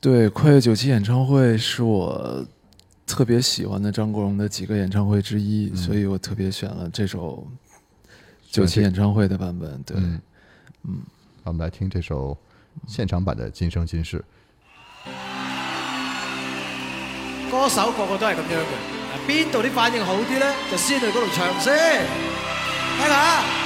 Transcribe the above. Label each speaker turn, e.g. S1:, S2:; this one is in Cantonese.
S1: 對，跨越九七演唱會是我特別喜歡的張國榮的幾個演唱會之一，嗯、所以我特別選
S2: 了這首九七演唱會的版本。嗯、對，嗯，嗯我們來聽這首現場版的《今生今世》。
S3: 歌手個個都係咁樣嘅，邊度啲反應好啲咧，就先去嗰度唱先，睇下。